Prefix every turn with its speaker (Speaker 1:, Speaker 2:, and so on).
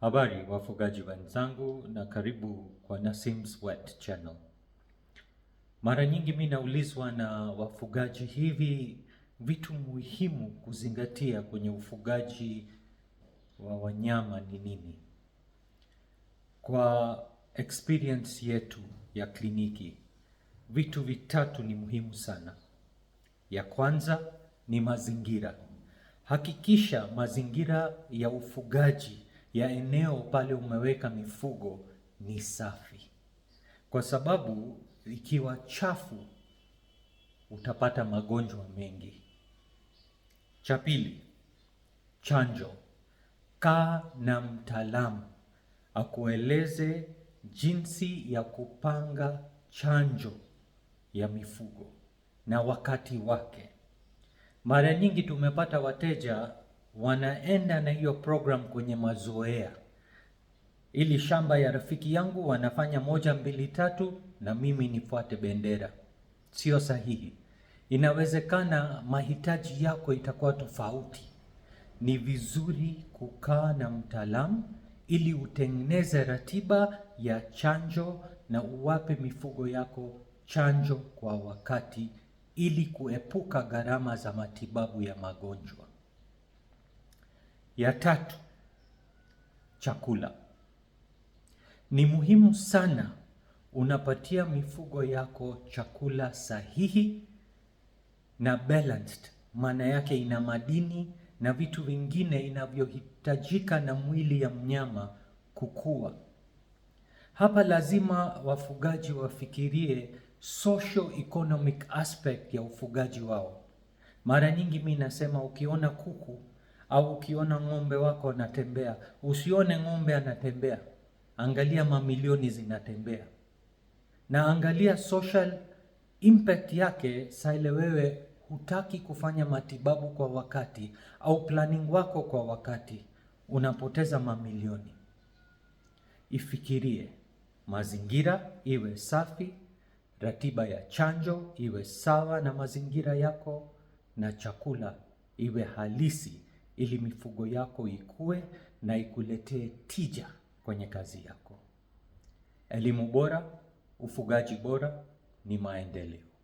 Speaker 1: Habari wafugaji wenzangu na karibu kwa Nasim's Wet Channel. Mara nyingi mimi naulizwa na wafugaji hivi vitu muhimu kuzingatia kwenye ufugaji wa wanyama ni nini? Kwa experience yetu ya kliniki, vitu vitatu ni muhimu sana. Ya kwanza ni mazingira. Hakikisha mazingira ya ufugaji ya eneo pale umeweka mifugo ni safi, kwa sababu ikiwa chafu utapata magonjwa mengi. Cha pili, chanjo. Kaa na mtaalamu akueleze jinsi ya kupanga chanjo ya mifugo na wakati wake. Mara nyingi tumepata wateja wanaenda na hiyo program kwenye mazoea. Ili shamba ya rafiki yangu wanafanya moja mbili tatu, na mimi nifuate bendera. Sio sahihi. Inawezekana mahitaji yako itakuwa tofauti. Ni vizuri kukaa na mtaalamu ili utengeneze ratiba ya chanjo na uwape mifugo yako chanjo kwa wakati ili kuepuka gharama za matibabu ya magonjwa. Ya tatu, chakula ni muhimu sana. Unapatia mifugo yako chakula sahihi na balanced, maana yake ina madini na vitu vingine inavyohitajika na mwili ya mnyama kukua. Hapa lazima wafugaji wafikirie social economic aspect ya ufugaji wao. Mara nyingi mi nasema ukiona kuku au ukiona ng'ombe wako anatembea, usione ng'ombe anatembea, angalia mamilioni zinatembea, na angalia social impact yake. Saile wewe hutaki kufanya matibabu kwa wakati au planning wako kwa wakati, unapoteza mamilioni. Ifikirie mazingira iwe safi, ratiba ya chanjo iwe sawa na mazingira yako, na chakula iwe halisi ili mifugo yako ikue na ikuletee tija kwenye kazi yako. Elimu bora, ufugaji bora ni maendeleo.